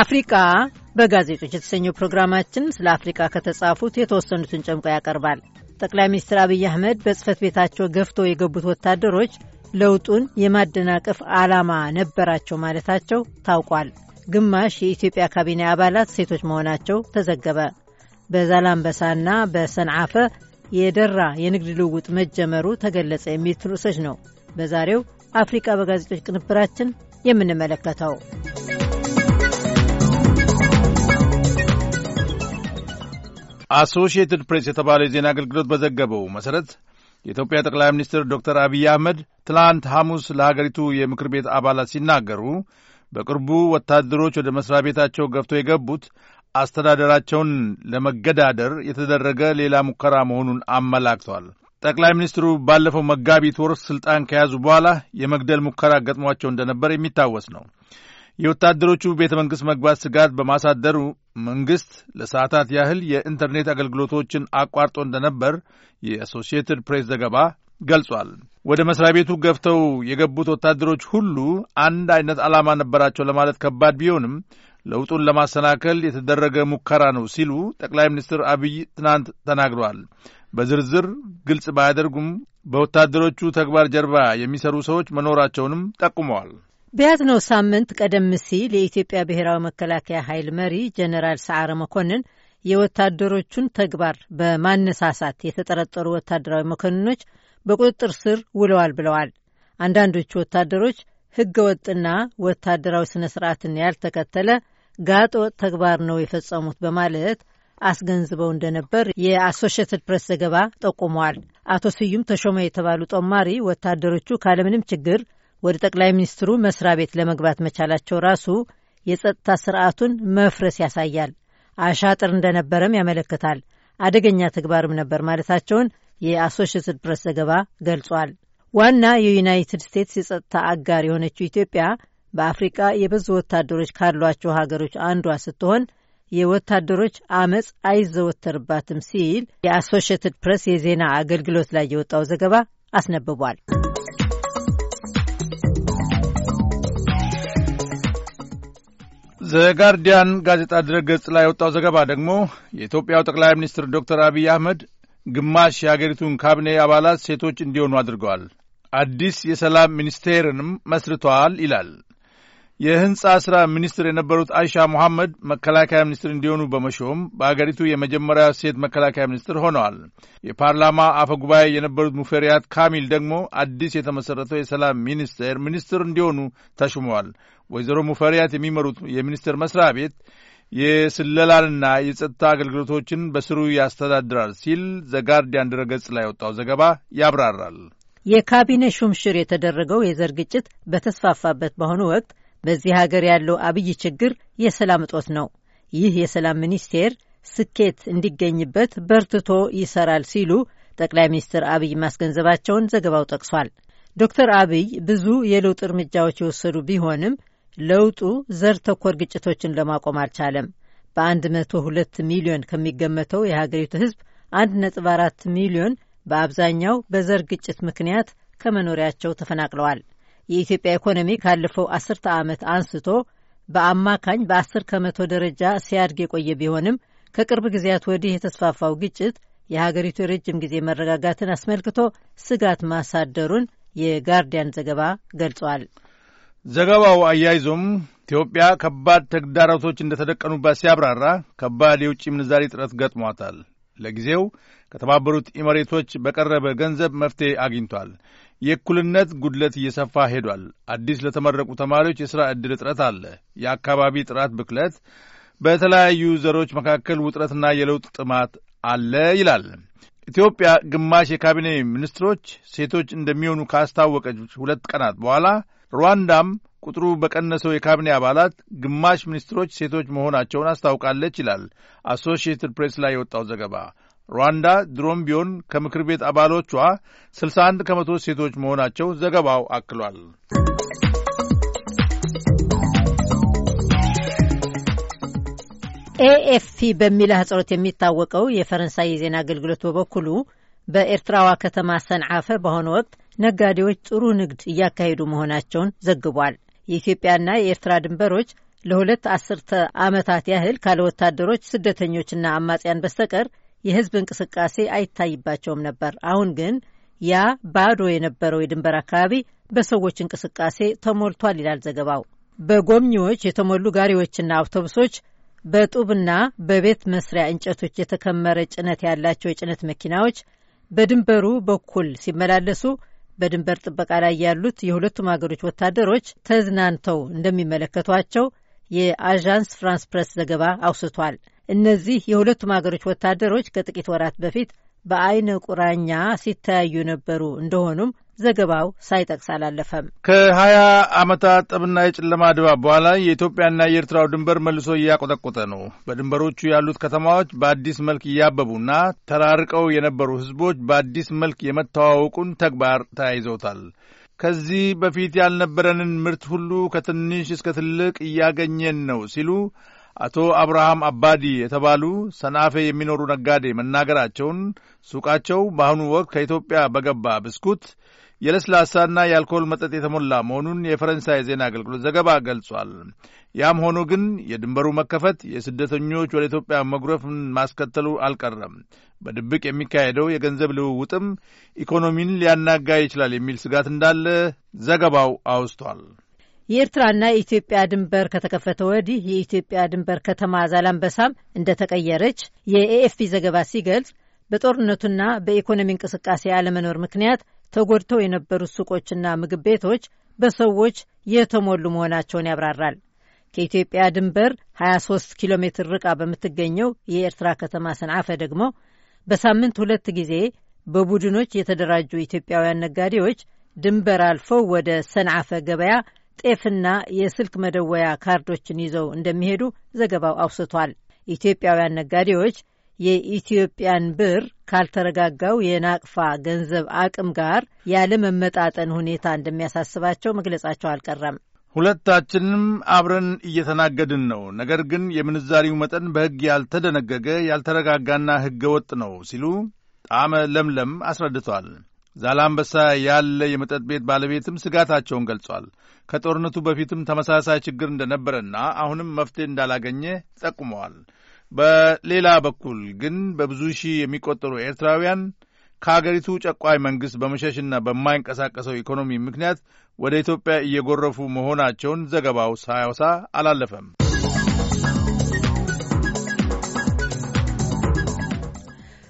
አፍሪቃ በጋዜጦች የተሰኘው ፕሮግራማችን ስለ አፍሪቃ ከተጻፉት የተወሰኑትን ጨምቆ ያቀርባል። ጠቅላይ ሚኒስትር አብይ አህመድ በጽህፈት ቤታቸው ገፍቶ የገቡት ወታደሮች ለውጡን የማደናቀፍ ዓላማ ነበራቸው ማለታቸው ታውቋል። ግማሽ የኢትዮጵያ ካቢኔ አባላት ሴቶች መሆናቸው ተዘገበ። በዛላምበሳና በሰንዓፈ የደራ የንግድ ልውውጥ መጀመሩ ተገለጸ። የሚሉት ርዕሶች ነው በዛሬው አፍሪቃ በጋዜጦች ቅንብራችን የምንመለከተው። አሶሺየትድ ፕሬስ የተባለ የዜና አገልግሎት በዘገበው መሠረት የኢትዮጵያ ጠቅላይ ሚኒስትር ዶክተር አብይ አህመድ ትላንት ሐሙስ ለሀገሪቱ የምክር ቤት አባላት ሲናገሩ በቅርቡ ወታደሮች ወደ መሥሪያ ቤታቸው ገብቶ የገቡት አስተዳደራቸውን ለመገዳደር የተደረገ ሌላ ሙከራ መሆኑን አመላክተዋል። ጠቅላይ ሚኒስትሩ ባለፈው መጋቢት ወር ስልጣን ከያዙ በኋላ የመግደል ሙከራ ገጥሟቸው እንደነበር የሚታወስ ነው። የወታደሮቹ ቤተ መንግሥት መግባት ስጋት በማሳደሩ መንግሥት ለሰዓታት ያህል የኢንተርኔት አገልግሎቶችን አቋርጦ እንደነበር የአሶሺየትድ ፕሬስ ዘገባ ገልጿል። ወደ መስሪያ ቤቱ ገፍተው የገቡት ወታደሮች ሁሉ አንድ አይነት ዓላማ ነበራቸው ለማለት ከባድ ቢሆንም ለውጡን ለማሰናከል የተደረገ ሙከራ ነው ሲሉ ጠቅላይ ሚኒስትር አብይ ትናንት ተናግረዋል። በዝርዝር ግልጽ ባያደርጉም በወታደሮቹ ተግባር ጀርባ የሚሰሩ ሰዎች መኖራቸውንም ጠቁመዋል። በያዝነው ሳምንት ቀደም ሲል የኢትዮጵያ ብሔራዊ መከላከያ ኃይል መሪ ጀነራል ሰዓረ መኮንን የወታደሮቹን ተግባር በማነሳሳት የተጠረጠሩ ወታደራዊ መኮንኖች በቁጥጥር ስር ውለዋል ብለዋል። አንዳንዶቹ ወታደሮች ሕገ ወጥና ወታደራዊ ስነ ስርዓትን ያልተከተለ ጋጥ ወጥ ተግባር ነው የፈጸሙት በማለት አስገንዝበው እንደነበር የአሶሽትድ ፕሬስ ዘገባ ጠቁመዋል። አቶ ስዩም ተሾመ የተባሉ ጦማሪ ወታደሮቹ ካለምንም ችግር ወደ ጠቅላይ ሚኒስትሩ መስሪያ ቤት ለመግባት መቻላቸው ራሱ የጸጥታ ስርዓቱን መፍረስ ያሳያል፣ አሻጥር እንደነበረም ያመለክታል፣ አደገኛ ተግባርም ነበር ማለታቸውን የአሶሽትድ ፕሬስ ዘገባ ገልጿል። ዋና የዩናይትድ ስቴትስ የጸጥታ አጋር የሆነችው ኢትዮጵያ በአፍሪቃ የበዙ ወታደሮች ካሏቸው ሀገሮች አንዷ ስትሆን የወታደሮች አመፅ አይዘወተርባትም ሲል የአሶሽትድ ፕሬስ የዜና አገልግሎት ላይ የወጣው ዘገባ አስነብቧል። ዘጋርዲያን ጋዜጣ ድረገጽ ላይ የወጣው ዘገባ ደግሞ የኢትዮጵያው ጠቅላይ ሚኒስትር ዶክተር አብይ አህመድ ግማሽ የአገሪቱን ካቢኔ አባላት ሴቶች እንዲሆኑ አድርገዋል። አዲስ የሰላም ሚኒስቴርንም መስርተዋል ይላል። የህንፃ ስራ ሚኒስትር የነበሩት አይሻ መሐመድ መከላከያ ሚኒስትር እንዲሆኑ በመሾም በአገሪቱ የመጀመሪያ ሴት መከላከያ ሚኒስትር ሆነዋል። የፓርላማ አፈ ጉባኤ የነበሩት ሙፈሪያት ካሚል ደግሞ አዲስ የተመሠረተው የሰላም ሚኒስቴር ሚኒስትር እንዲሆኑ ተሹመዋል። ወይዘሮ ሙፈሪያት የሚመሩት የሚኒስቴር መስሪያ ቤት የስለላንና የጸጥታ አገልግሎቶችን በስሩ ያስተዳድራል ሲል ዘጋርዲያን ድረገጽ ላይ ወጣው ዘገባ ያብራራል። የካቢኔ ሹምሽር የተደረገው የዘር ግጭት በተስፋፋበት በአሁኑ ወቅት በዚህ ሀገር ያለው አብይ ችግር የሰላም እጦት ነው። ይህ የሰላም ሚኒስቴር ስኬት እንዲገኝበት በርትቶ ይሰራል ሲሉ ጠቅላይ ሚኒስትር አብይ ማስገንዘባቸውን ዘገባው ጠቅሷል። ዶክተር አብይ ብዙ የለውጥ እርምጃዎች የወሰዱ ቢሆንም ለውጡ ዘር ተኮር ግጭቶችን ለማቆም አልቻለም። በ102 ሚሊዮን ከሚገመተው የሀገሪቱ ህዝብ 1.4 ሚሊዮን በአብዛኛው በዘር ግጭት ምክንያት ከመኖሪያቸው ተፈናቅለዋል። የኢትዮጵያ ኢኮኖሚ ካለፈው አስርተ ዓመት አንስቶ በአማካኝ በአስር ከመቶ ደረጃ ሲያድግ የቆየ ቢሆንም ከቅርብ ጊዜያት ወዲህ የተስፋፋው ግጭት የሀገሪቱ የረጅም ጊዜ መረጋጋትን አስመልክቶ ስጋት ማሳደሩን የጋርዲያን ዘገባ ገልጿል። ዘገባው አያይዞም ኢትዮጵያ ከባድ ተግዳሮቶች ተደቀኑባት ሲያብራራ ከባድ የውጭ ምንዛሪ እጥረት ገጥሟታል። ለጊዜው ከተባበሩት ኢመሬቶች በቀረበ ገንዘብ መፍትሄ አግኝቷል። የእኩልነት ጉድለት እየሰፋ ሄዷል። አዲስ ለተመረቁ ተማሪዎች የሥራ ዕድል እጥረት አለ። የአካባቢ ጥራት ብክለት፣ በተለያዩ ዘሮች መካከል ውጥረትና የለውጥ ጥማት አለ ይላል። ኢትዮጵያ ግማሽ የካቢኔ ሚኒስትሮች ሴቶች እንደሚሆኑ ካስታወቀች ሁለት ቀናት በኋላ ሩዋንዳም ቁጥሩ በቀነሰው የካቢኔ አባላት ግማሽ ሚኒስትሮች ሴቶች መሆናቸውን አስታውቃለች ይላል አሶሺየትድ ፕሬስ ላይ የወጣው ዘገባ። ሩዋንዳ ድሮም ቢሆን ከምክር ቤት አባሎቿ 61 ከመቶ ሴቶች መሆናቸው ዘገባው አክሏል። ኤኤፍፒ በሚል አህጽሮት የሚታወቀው የፈረንሳይ የዜና አገልግሎት በበኩሉ በኤርትራዋ ከተማ ሰንዓፈ በአሁኑ ወቅት ነጋዴዎች ጥሩ ንግድ እያካሄዱ መሆናቸውን ዘግቧል። የኢትዮጵያና የኤርትራ ድንበሮች ለሁለት አስርተ ዓመታት ያህል ካለ ወታደሮች ስደተኞችና አማጽያን በስተቀር የህዝብ እንቅስቃሴ አይታይባቸውም ነበር። አሁን ግን ያ ባዶ የነበረው የድንበር አካባቢ በሰዎች እንቅስቃሴ ተሞልቷል ይላል ዘገባው። በጎብኚዎች የተሞሉ ጋሪዎችና አውቶቡሶች፣ በጡብና በቤት መስሪያ እንጨቶች የተከመረ ጭነት ያላቸው የጭነት መኪናዎች በድንበሩ በኩል ሲመላለሱ በድንበር ጥበቃ ላይ ያሉት የሁለቱም አገሮች ወታደሮች ተዝናንተው እንደሚመለከቷቸው የአዣንስ ፍራንስ ፕረስ ዘገባ አውስቷል። እነዚህ የሁለቱም ሀገሮች ወታደሮች ከጥቂት ወራት በፊት በአይነ ቁራኛ ሲተያዩ ነበሩ። እንደሆኑም ዘገባው ሳይጠቅስ አላለፈም። ከሀያ ዓመታት ጠብና የጨለማ ድባብ በኋላ የኢትዮጵያና የኤርትራው ድንበር መልሶ እያቆጠቆጠ ነው። በድንበሮቹ ያሉት ከተማዎች በአዲስ መልክ እያበቡና ተራርቀው የነበሩ ሕዝቦች በአዲስ መልክ የመተዋወቁን ተግባር ተያይዘውታል። ከዚህ በፊት ያልነበረንን ምርት ሁሉ ከትንሽ እስከ ትልቅ እያገኘን ነው ሲሉ አቶ አብርሃም አባዲ የተባሉ ሰናፌ የሚኖሩ ነጋዴ መናገራቸውን ሱቃቸው በአሁኑ ወቅት ከኢትዮጵያ በገባ ብስኩት የለስላሳና የአልኮል መጠጥ የተሞላ መሆኑን የፈረንሳይ ዜና አገልግሎት ዘገባ ገልጿል። ያም ሆኖ ግን የድንበሩ መከፈት የስደተኞች ወደ ኢትዮጵያ መጉረፍን ማስከተሉ አልቀረም። በድብቅ የሚካሄደው የገንዘብ ልውውጥም ኢኮኖሚን ሊያናጋ ይችላል የሚል ስጋት እንዳለ ዘገባው አውስቷል። የኤርትራና የኢትዮጵያ ድንበር ከተከፈተ ወዲህ የኢትዮጵያ ድንበር ከተማ ዛላንበሳም እንደተቀየረች የኤኤፍፒ ዘገባ ሲገልጽ በጦርነቱና በኢኮኖሚ እንቅስቃሴ አለመኖር ምክንያት ተጎድተው የነበሩት ሱቆችና ምግብ ቤቶች በሰዎች የተሞሉ መሆናቸውን ያብራራል። ከኢትዮጵያ ድንበር 23 ኪሎ ሜትር ርቃ በምትገኘው የኤርትራ ከተማ ሰንዓፈ ደግሞ በሳምንት ሁለት ጊዜ በቡድኖች የተደራጁ ኢትዮጵያውያን ነጋዴዎች ድንበር አልፈው ወደ ሰንዓፈ ገበያ ጤፍና የስልክ መደወያ ካርዶችን ይዘው እንደሚሄዱ ዘገባው አውስቷል። ኢትዮጵያውያን ነጋዴዎች የኢትዮጵያን ብር ካልተረጋጋው የናቅፋ ገንዘብ አቅም ጋር ያለመመጣጠን ሁኔታ እንደሚያሳስባቸው መግለጻቸው አልቀረም። ሁለታችንም አብረን እየተናገድን ነው። ነገር ግን የምንዛሪው መጠን በሕግ ያልተደነገገ ያልተረጋጋና ሕገ ወጥ ነው ሲሉ ጣመ ለምለም አስረድቷል። ዛላምበሳ ያለ የመጠጥ ቤት ባለቤትም ስጋታቸውን ገልጿል። ከጦርነቱ በፊትም ተመሳሳይ ችግር እንደነበረና አሁንም መፍትሄ እንዳላገኘ ጠቁመዋል። በሌላ በኩል ግን በብዙ ሺህ የሚቆጠሩ ኤርትራውያን ከአገሪቱ ጨቋይ መንግሥት በመሸሽና በማይንቀሳቀሰው ኢኮኖሚ ምክንያት ወደ ኢትዮጵያ እየጎረፉ መሆናቸውን ዘገባው ሳያወሳ አላለፈም።